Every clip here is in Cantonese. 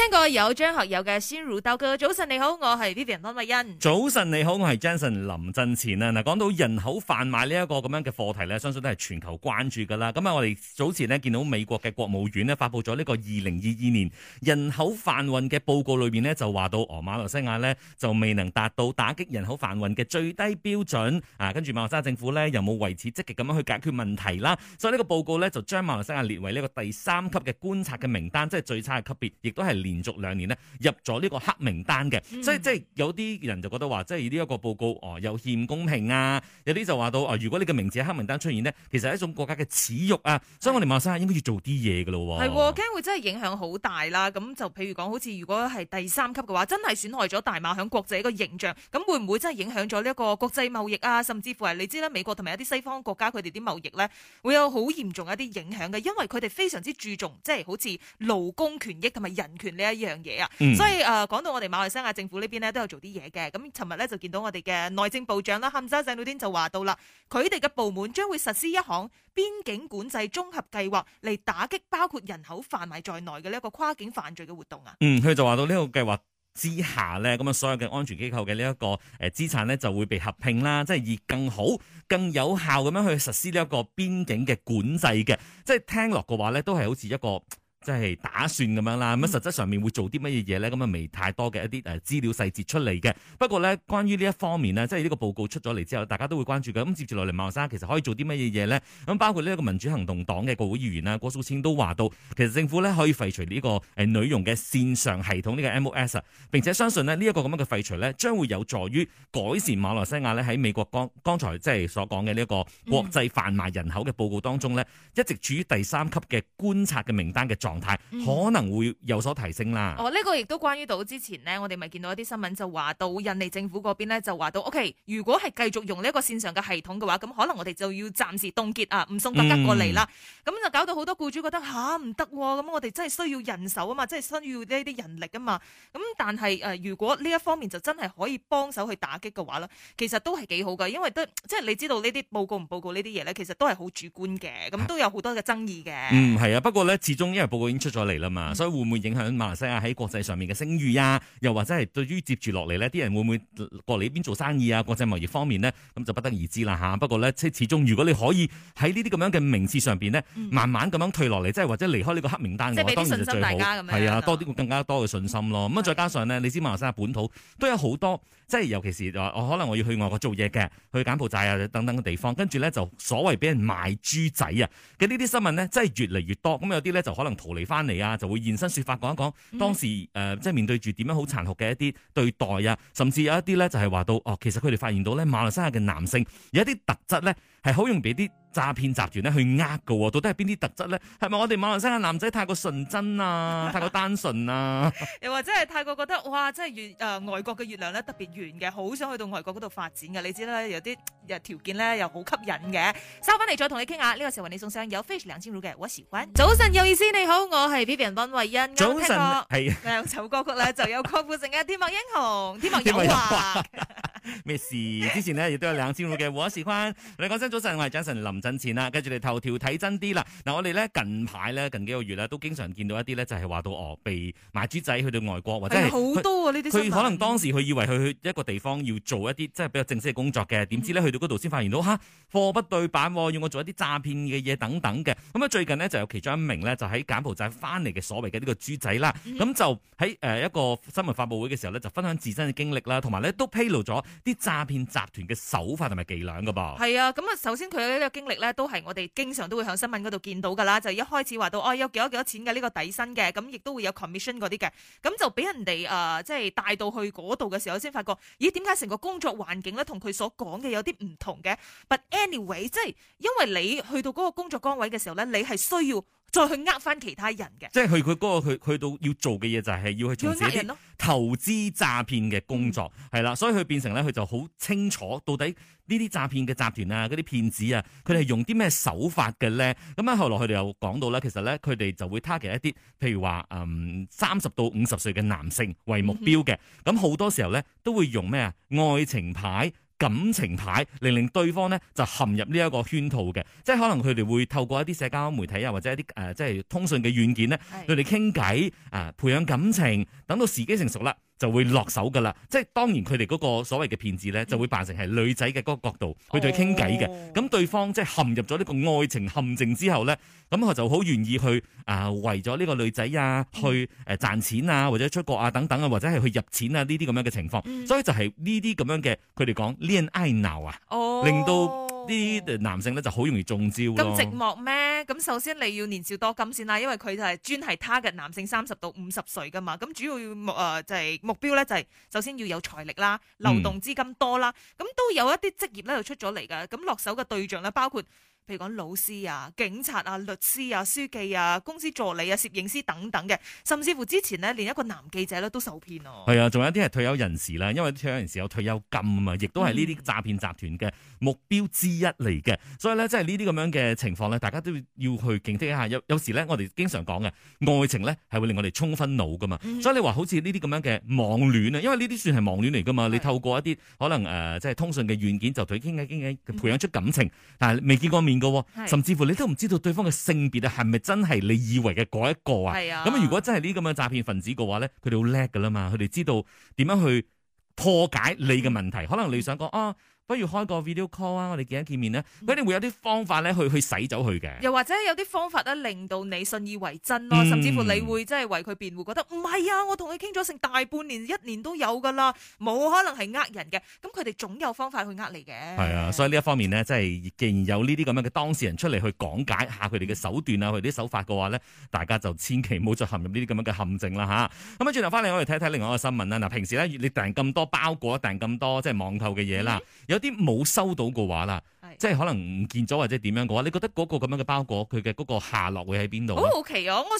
聽過有張學友嘅《心如刀割》。早晨你好，我係 Vivian 溫慧欣。早晨你好，我係 Jenson 林振前啊！嗱，講到人口販賣呢一個咁樣嘅課題呢，相信都係全球關注噶啦。咁啊，我哋早前呢，見到美國嘅國務院呢，發布咗呢個二零二二年人口販運嘅報告裏邊呢，就話到俄馬來西亞呢，就未能達到打擊人口販運嘅最低標準啊！跟住馬來西亞政府呢，又冇為此積極咁樣去解決問題啦，所以呢個報告呢，就將馬來西亞列為呢個第三級嘅觀察嘅名單，即係最差嘅級別，亦都係連續兩年咧入咗呢個黑名單嘅，所以、嗯、即係有啲人就覺得話，即係呢一個報告哦，有欠公平啊。有啲就話到啊、呃，如果你嘅名字喺黑名單出現呢，其實係一種國家嘅恥辱啊。嗯、所以我哋馬來西亞應該要做啲嘢嘅咯。係驚會真係影響好大啦。咁就譬如講，好似如果係第三級嘅話，真係損害咗大馬響國際嘅形象，咁會唔會真係影響咗呢一個國際貿易啊？甚至乎係你知啦，美國同埋一啲西方國家佢哋啲貿易咧，會有好嚴重一啲影響嘅，因為佢哋非常之注重，即係好似勞工權益同埋人權。呢一樣嘢啊，嗯、所以誒、呃、講到我哋馬來西亞政府呢邊咧都有做啲嘢嘅，咁尋日咧就見到我哋嘅內政部長啦，坎州省長就話到啦，佢哋嘅部門將會實施一項邊境管制綜合計劃嚟打擊包括人口販賣在內嘅呢一個跨境犯罪嘅活動啊。嗯，佢就話到呢個計劃之下咧，咁啊所有嘅安全機構嘅呢一個誒資產咧就會被合併啦，即係以更好、更有效咁樣去實施呢一個邊境嘅管制嘅，即係聽落嘅話咧，都係好似一個。即係打算咁樣啦，咁實質上面會做啲乜嘢嘢呢？咁啊，未太多嘅一啲誒資料細節出嚟嘅。不過呢，關於呢一方面呢，即係呢個報告出咗嚟之後，大家都會關注嘅。咁、嗯、接住落嚟，馬來西亞其實可以做啲乜嘢嘢呢？咁包括呢一個民主行動黨嘅國會議員啦，郭素沁都話到，其實政府呢可以廢除呢、這個誒女傭嘅線上系統呢、這個 MOS 啊。並且相信呢，呢一個咁樣嘅廢除呢，將會有助於改善馬來西亞呢喺美國剛剛才即係所講嘅呢一個國際販賣人口嘅報告當中呢，嗯、一直處於第三級嘅觀察嘅名單嘅狀狀態、嗯、可能會有所提升啦。哦，呢、這個亦都關於到之前呢，我哋咪見到一啲新聞就話到印尼政府嗰邊呢，就話到，O K，如果係繼續用呢一個線上嘅系統嘅話，咁可能我哋就要暫時凍結啊，唔送特急過嚟啦。咁、嗯、就搞到好多雇主覺得吓唔得，咁、啊啊、我哋真係需要人手啊嘛，真係需要呢啲人力啊嘛。咁但係誒、呃，如果呢一方面就真係可以幫手去打擊嘅話咧，其實都係幾好噶，因為都即係你知道呢啲報告唔報告呢啲嘢呢，其實都係好主觀嘅，咁都有好多嘅爭議嘅。嗯，係啊，不過呢，始終因為報已經出咗嚟啦嘛，嗯、所以會唔會影響馬來西亞喺國際上面嘅聲譽啊？又或者係對於接住落嚟呢啲人會唔會過嚟呢邊做生意啊？國際貿易方面呢，咁就不得而知啦嚇、啊。不過呢，即始終如果你可以喺呢啲咁樣嘅名次上邊呢，嗯、慢慢咁樣退落嚟，即係或者離開呢個黑名單嘅話，當然就最好。係啊，多啲、嗯、更加多嘅信心咯。咁啊，再加上呢，你知馬來西亞本土都有好多，即係的尤其是話，我可能我要去外國做嘢嘅，去柬埔寨啊等等嘅地方，跟住呢，就所謂俾人賣豬仔啊嘅呢啲新聞呢，真係越嚟越多。咁有啲呢，就可能嚟翻嚟啊，就會現身說法講一講當時誒，即係面對住點樣好殘酷嘅一啲對待啊，甚至有一啲咧就係話到哦，其實佢哋發現到咧馬來西亞嘅男性有一啲特質咧係好容易俾啲 詐騙集團咧去呃嘅喎，到底係邊啲特質咧？係咪我哋馬來西亞男仔太過純真啊， 太過單純啊？ 又或者係太過覺得哇，真係月誒外國嘅月亮咧特別圓嘅，好想去到外國嗰度發展嘅。你知啦，有啲又條件咧又好吸引嘅。嗯、收翻嚟再同你傾下。呢、這個時候為你送上有 Fish 梁靜茹嘅《我喜歡》早。早晨有意思你好，我係 Vivian 溫慧欣。早晨係兩首歌曲啦，就有郭富城嘅《天幕英雄》嗯。天幕英雄。咩事？之前呢亦都有兩千戶嘅， 我是坤。你講聲早晨，我係早晨 s o 林振前啦。跟住你頭條睇真啲啦。嗱、啊，我哋咧近排咧近幾個月咧都經常見到一啲咧就係、是、話到哦，被買豬仔去到外國，係、哎、好多喎呢啲新聞。佢可能當時佢以為佢去一個地方要做一啲即係比較正式嘅工作嘅，點知咧去到嗰度先發現到吓，貨不對板，要、哦、我做一啲詐騙嘅嘢等等嘅。咁啊最近呢，就有其中一名咧就喺柬埔寨翻嚟嘅所謂嘅呢個豬仔啦，咁、嗯、哼就喺誒、呃、一個新聞發佈會嘅時候咧就分享自身嘅經歷啦，同埋咧都披露咗。啲詐騙集團嘅手法同埋伎倆嘅噃，係啊，咁啊，首先佢嘅一個經歷咧，都係我哋經常都會喺新聞嗰度見到嘅啦。就一開始話到，哦，有幾多幾多錢嘅呢個底薪嘅，咁、嗯、亦都會有 commission 嗰啲嘅，咁、嗯、就俾人哋啊、呃，即係帶到去嗰度嘅時候，先發覺，咦，點解成個工作環境咧，同佢所講嘅有啲唔同嘅？But anyway，即係因為你去到嗰個工作崗位嘅時候咧，你係需要。再去呃返其他人嘅，即係佢佢嗰個佢去到要做嘅嘢就係要去做一啲投資詐騙嘅工作，係啦，所以佢變成咧佢就好清楚到底呢啲詐騙嘅集團啊，嗰啲騙子啊，佢哋係用啲咩手法嘅咧？咁啊，後來佢哋又講到咧，其實咧佢哋就會 target 一啲，譬如話嗯三十到五十歲嘅男性為目標嘅，咁好、嗯、哼多時候咧都會用咩啊愛情牌。感情牌，令令對方咧就陷入呢一個圈套嘅，即係可能佢哋會透過一啲社交媒體啊，或者一啲誒、呃、即係通訊嘅軟件咧，佢哋傾偈，誒、呃、培養感情，等到時機成熟啦。就會落手噶啦，即係當然佢哋嗰個所謂嘅騙子咧，嗯、就會扮成係女仔嘅嗰個角度去對佢傾偈嘅，咁、哦、對方即係陷入咗呢個愛情陷阱之後咧，咁佢就好願意去啊為咗呢個女仔啊，去誒賺錢啊或者出國啊等等啊，或者係去入錢啊呢啲咁樣嘅情況，嗯、所以就係呢啲咁樣嘅佢哋講戀愛腦啊，哦、令到。啲男性咧就好容易中招。咁寂寞咩？咁首先你要年少多金先啦，因為佢就係專係他嘅男性，三十到五十歲㗎嘛。咁主要目啊就係目標咧就係首先要有財力啦，流動資金多啦。咁、嗯、都有一啲職業咧就出咗嚟㗎。咁落手嘅對象咧包括。譬如講老師啊、警察啊、律師啊、書記啊、公司助理啊、攝影師等等嘅，甚至乎之前呢連一個男記者咧都受騙哦。係啊，仲有一啲係退休人士啦，因為退休人士有退休金啊，亦都係呢啲詐騙集團嘅目標之一嚟嘅。嗯、所以咧，即係呢啲咁樣嘅情況咧，大家都要去警惕一下。有有時咧，我哋經常講嘅愛情咧，係會令我哋衝昏腦㗎嘛。嗯、所以你話好似呢啲咁樣嘅網戀啊，因為呢啲算係網戀嚟㗎嘛。你透過一啲可能誒，即、呃、係通訊嘅軟件就同佢傾偈傾偈，培養出感情，嗯、但係未見過面。甚至乎你都唔知道對方嘅性別啊，係咪真係你以為嘅嗰一個啊？咁是、啊、如果真係呢啲咁嘅詐騙分子嘅話呢，佢哋好叻㗎啦嘛，佢哋知道點樣去破解你嘅問題，嗯、可能你想講啊。哦不如開個 video call 啊！我哋見一見面咧，佢一定會有啲方法咧去去洗走佢嘅。又或者有啲方法咧，令到你信以為真咯，嗯、甚至乎你會真係為佢辯護，覺得唔係啊！我同佢傾咗成大半年、一年都有㗎啦，冇可能係呃人嘅。咁佢哋總有方法去呃你嘅。係啊，所以呢一方面呢，即係既然有呢啲咁樣嘅當事人出嚟去講解下佢哋嘅手段啊，佢哋啲手法嘅話咧，大家就千祈唔好再陷入呢啲咁樣嘅陷阱啦吓，咁啊，轉頭翻嚟我哋睇睇另外一個新聞啦。嗱、啊，平時咧你訂咁多包裹，訂咁多即係網購嘅嘢啦，嗯啲冇收到嘅話啦，是即係可能唔見咗或者點樣嘅話，你覺得嗰個咁樣嘅包裹佢嘅嗰個下落會喺邊度？好好奇啊、哦！我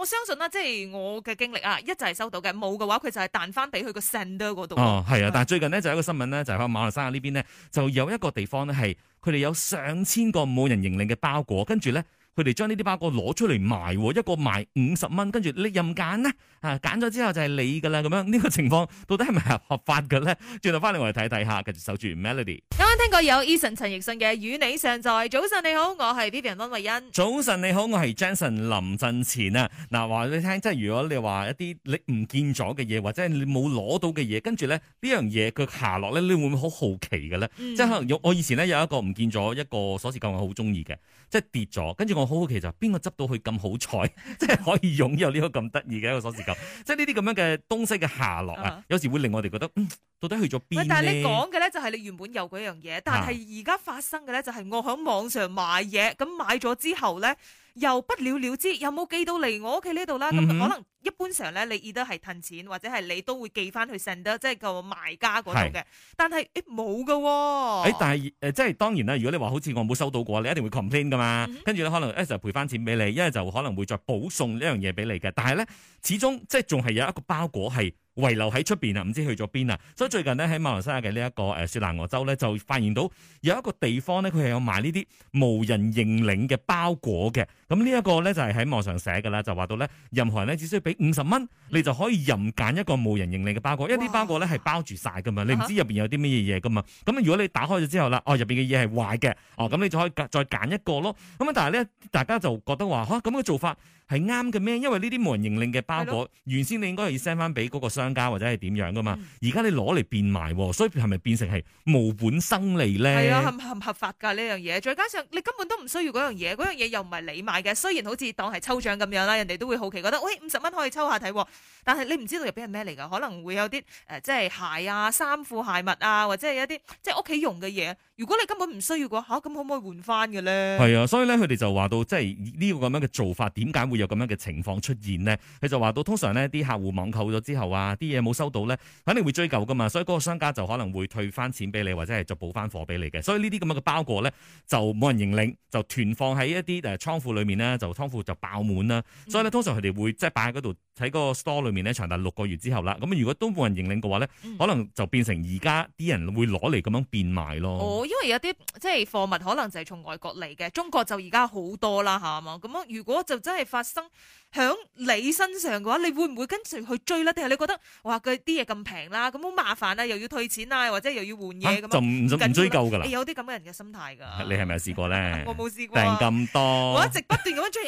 我相信啦，即係我嘅經歷啊，一就係收到嘅，冇嘅話佢就係彈翻俾佢個 sender 嗰度。哦，係啊！的但係最近呢，就有一個新聞咧，就喺、是、馬來西亞呢邊咧就有一個地方咧係佢哋有上千個冇人認領嘅包裹，跟住咧。佢哋將呢啲包裹攞出嚟賣，一個賣五十蚊，跟住你任揀咧，啊揀咗之後就係你㗎啦，咁樣呢個情況到底係咪合合法㗎咧？轉頭翻嚟我哋睇睇下，繼續守住 Melody。啱啱聽過有 Eason 陳奕迅嘅《與你尚在》，早晨你好，我係 Vivian 温慧欣。早晨你好，我係 Jason 林振前啊！嗱話你聽，即係如果你話一啲你唔見咗嘅嘢，或者係你冇攞到嘅嘢，跟住咧呢樣嘢佢下落咧，你會唔會好好奇㗎咧？嗯、即係可能我以前咧有一個唔見咗一個鎖匙扣，我好中意嘅，即係跌咗，跟住我。好好奇就邊個執到佢咁好彩， 即係可以擁有呢個咁得意嘅一個鎖匙扣， 即係呢啲咁樣嘅東西嘅下落、uh huh. 啊，有時會令我哋覺得嗯，到底去咗邊？但係你講嘅咧就係你原本有嗰樣嘢，但係而家發生嘅咧就係我響網上買嘢，咁買咗之後咧。又不了了之，有冇寄到嚟我屋企呢度啦。咁、嗯、可能一般常咧，你得係褪錢，或者係你都會寄翻去 sender，即係個賣家嗰度嘅。但係誒冇噶喎。但係誒，即係當然啦。如果你話好似我冇收到過，你一定會 complain 噶嘛。跟住咧，可能一、欸、就賠翻錢俾你，一就可能會再補送呢樣嘢俾你嘅。但係咧，始終即係仲係有一個包裹係。遺留喺出邊啊？唔知去咗邊啊？所以最近呢，喺馬來西亞嘅呢一個誒雪蘭莪州咧，就發現到有一個地方咧，佢係有賣呢啲無人認領嘅包裹嘅。咁呢一個咧就係喺網上寫㗎啦，就話到咧任何人咧只需要俾五十蚊，嗯、你就可以任揀一個無人認領嘅包裹。一啲包裹咧係包住晒㗎嘛，你唔知入邊有啲乜嘢嘢㗎嘛。咁、啊、哈如果你打開咗之後啦，哦，入邊嘅嘢係壞嘅，哦，咁你就可以再揀一個咯。咁但係咧，大家就覺得話嚇咁嘅做法係啱嘅咩？因為呢啲無人認領嘅包裹，的原先你應該係要 send 翻俾嗰個增加或者係點樣噶嘛？而家你攞嚟變賣，所以係咪變成係無本生利咧？係啊，係唔合法噶呢樣嘢？再加上你根本都唔需要嗰樣嘢，嗰樣嘢又唔係你買嘅。雖然好似當係抽獎咁樣啦，人哋都會好奇覺得，喂、哎，五十蚊可以抽下睇，但係你唔知道入邊係咩嚟噶，可能會有啲誒，即、呃、係、就是、鞋啊、衫褲鞋襪啊，或者係一啲即係屋企用嘅嘢。如果你根本唔需要嘅話，吓、啊、咁可唔可以換翻嘅咧？係啊，所以咧佢哋就話到，即係呢個咁樣嘅做法，點解會有咁樣嘅情況出現呢？佢就話到，通常呢啲客戶網購咗之後啊，啲嘢冇收到呢，肯定會追究噶嘛，所以嗰個商家就可能會退翻錢俾你，或者係就補翻貨俾你嘅。所以呢啲咁樣嘅包裹呢，就冇人認領，就囤放喺一啲誒倉庫裏面呢，就倉庫就爆滿啦。所以呢，通常佢哋會即係擺喺嗰度。喺個 store 裏面咧，長達六個月之後啦。咁如果都冇人認領嘅話咧，嗯、可能就變成而家啲人會攞嚟咁樣變賣咯。哦，因為有啲即係貨物可能就係從外國嚟嘅，中國就而家好多啦嚇嘛。咁樣如果就真係發生喺你身上嘅話，你會唔會跟隨去追咧？定係你覺得哇，佢啲嘢咁平啦，咁好麻煩啊，又要退錢啊，或者又要換嘢咁、啊、就唔唔追究㗎啦、哎。有啲咁嘅人嘅心態㗎。你係咪有試過咧？ 我冇試過訂、啊、咁多。我一 直不斷咁樣追，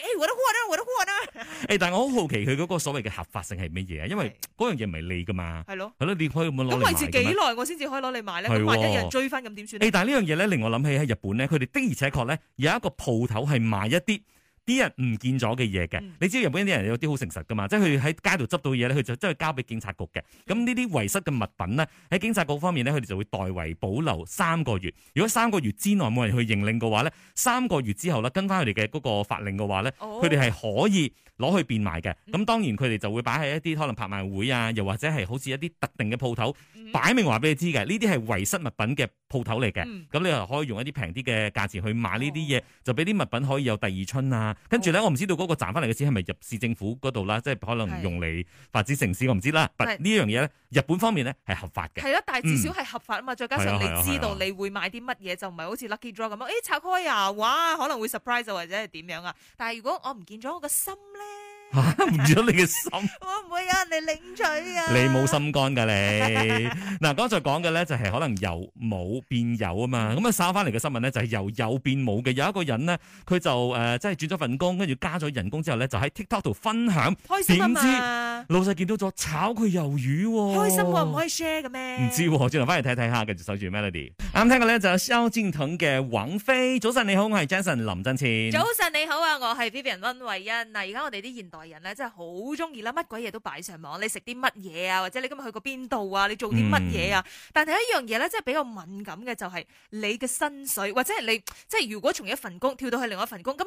但我好好奇佢嗰個所謂，嘅合法性係乜嘢啊？因為嗰的樣嘢唔係你噶嘛，係咯的，係咯，你可以咁樣咁維持幾耐我先至可以攞你買咧？萬一的人追翻咁點算咧？誒，但係呢樣嘢咧，令我諗起喺日本咧，佢哋的而且確咧有一個鋪頭係賣一啲。啲人唔見咗嘅嘢嘅，你知道日本啲人有啲好誠實㗎嘛？即係佢喺街度執到嘢咧，佢就即係交俾警察局嘅。咁呢啲遺失嘅物品咧，喺警察局方面咧，佢哋就會代為保留三個月。如果三個月之內冇人去認領嘅話咧，三個月之後咧，跟返佢哋嘅嗰個法令嘅話咧，佢哋係可以攞去變賣嘅。咁當然佢哋就會擺喺一啲可能拍賣會啊，又或者係好似一啲特定嘅鋪頭擺明話俾你知嘅，呢啲係遺失物品嘅。鋪頭嚟嘅，咁、嗯、你又可以用一啲平啲嘅價錢去買呢啲嘢，哦、就俾啲物品可以有第二春啊！哦、跟住咧，我唔知道嗰個賺翻嚟嘅錢係咪入市政府嗰度啦，哦、即係可能用嚟發展城市，我，我唔知啦。呢樣嘢咧，日本方面咧係合法嘅。係啊是，但係至少係合法啊嘛，再、嗯、加上你知道你會買啲乜嘢，就唔係好似 lucky draw 咁樣！誒、欸、拆開啊，哇，可能會 surprise、啊、或者係點樣啊？但係如果我唔見咗我個心咧。吓唔咗你嘅心，會唔會有人嚟領取啊？ 你冇心肝噶你，嗱 剛才講嘅咧就係可能由冇變有啊嘛，咁啊稍後翻嚟嘅新聞咧就係由有變冇嘅。有一個人咧佢就誒即係轉咗份工，跟住加咗人工之後咧就喺 TikTok 度分享，開心啊點知老細見到咗炒佢魷魚，啊，開心唔可以 share 嘅咩？唔知轉頭翻嚟睇睇下，跟住守住 Melody。啱 聽嘅咧就係蕭敬騰嘅《王妃》，早晨你好，我係 Jason 林振前。早晨你好啊，我係 Vivian 溫慧欣。嗱而家我哋啲現代。 人咧真係好中意啦，乜鬼嘢都擺上網。你食啲乜嘢啊？或者你今日去過邊度啊？你做啲乜嘢啊？嗯、但係一樣嘢咧，即係比較敏感嘅，就係、是、你嘅薪水，或者係你即係如果從一份工跳到去另外一份工咁。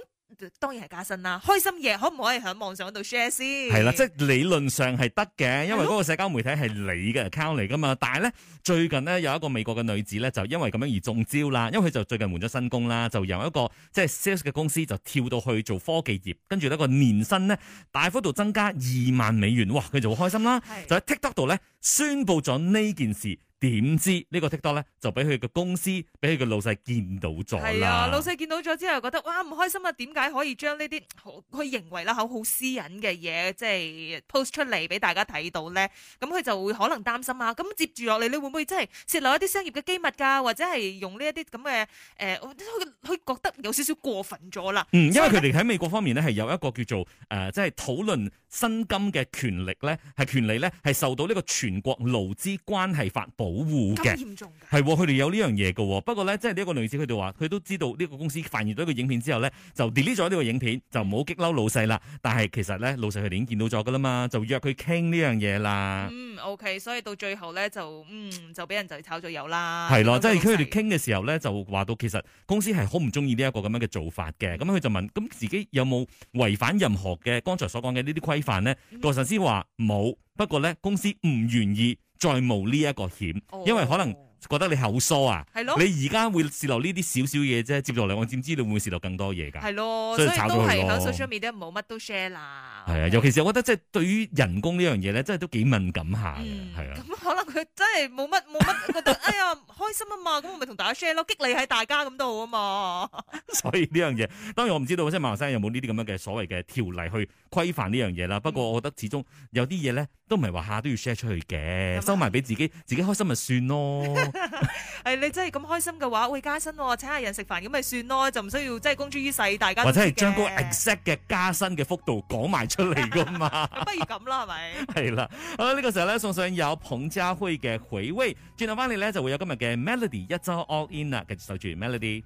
當然係加薪啦！開心嘢可唔可以喺網上度 share 先？係啦，即係理論上係得嘅，因為嗰個社交媒體係你嘅 account 嚟噶嘛。但係咧，最近咧有一個美國嘅女子咧就因為咁樣而中招啦，因為佢就最近換咗新工啦，就由一個即係、就是、sales 嘅公司就跳到去做科技業，跟住呢個年薪咧大幅度增加二萬美元，哇！佢就好開心啦，的就喺 TikTok 度咧宣布咗呢件事。點知個呢個 TikTok 咧就俾佢個公司，俾佢個老細見到咗啦。係啊，老細見到咗之後，覺得哇唔開心啊！點解可以將呢啲佢認為啦嚇好私隱嘅嘢，即係 post 出嚟俾大家睇到咧？咁佢就會可能擔心啊，咁接住落嚟，你會唔會真係泄露一啲商業嘅機密㗎？或者係用呢一啲咁嘅誒，佢佢覺得有少少過分咗啦。嗯，因為佢哋喺美國方面咧，係有一個叫做誒，即係討論薪金嘅權力咧，係權利咧，係受到呢個全國勞資關係法保保護嘅係，佢哋有呢樣嘢嘅。不過咧，即係呢一個女士，佢哋話佢都知道呢個公司發現咗一個影片之後咧，就 delete 咗呢個影片，就唔好激嬲老細啦。但係其實咧，老細佢哋已經見到咗噶啦嘛，就約佢傾呢樣嘢啦。嗯，OK，所以到最後咧就嗯就俾人就炒咗油啦。係咯的，板即係佢哋傾嘅時候咧就話到，其實公司係好唔中意呢一個咁樣嘅做法嘅。咁佢、嗯、就問，咁自己有冇違反任何嘅剛才所講嘅呢啲規範咧？杜神師話冇，不過咧公司唔願意。再冒呢一個險，Oh. 因為可能。覺得你口疏啊？係咯，你小小而家會洩露呢啲少少嘢啫，接落嚟我點知，知你會唔會洩露更多嘢噶？係咯，所以都係講 social media 冇乜都 share 啦。係啊，尤其是我覺得即係對於人工呢樣嘢咧，真係都幾敏感下嘅，係、嗯、啊。咁、嗯、可能佢真係冇乜冇乜，覺得 哎呀開心啊嘛，咁我咪同大家 share 咯，激勵喺大家咁都好啊嘛。 所以呢樣嘢，當然我唔知道即係馬來西亞有冇呢啲咁樣嘅所謂嘅條例去規範呢樣嘢啦。嗯、不過我覺得始終有啲嘢咧，都唔係話下都要 share 出去嘅，是是收埋俾自己，自己開心咪算咯。 係 你真係咁開心嘅話，會加薪，哦，請下人食飯咁咪算咯，就唔需要真係公諸於世，大家或者係將嗰個 exact 嘅加薪嘅幅度講埋出嚟噶嘛， 不如咁啦，係咪？ 係啦，好啦，呢個時候咧，送上有彭家輝嘅回味，轉頭翻嚟咧就會有今日嘅 Melody，一周 all in 啦，繼續守住 Melody。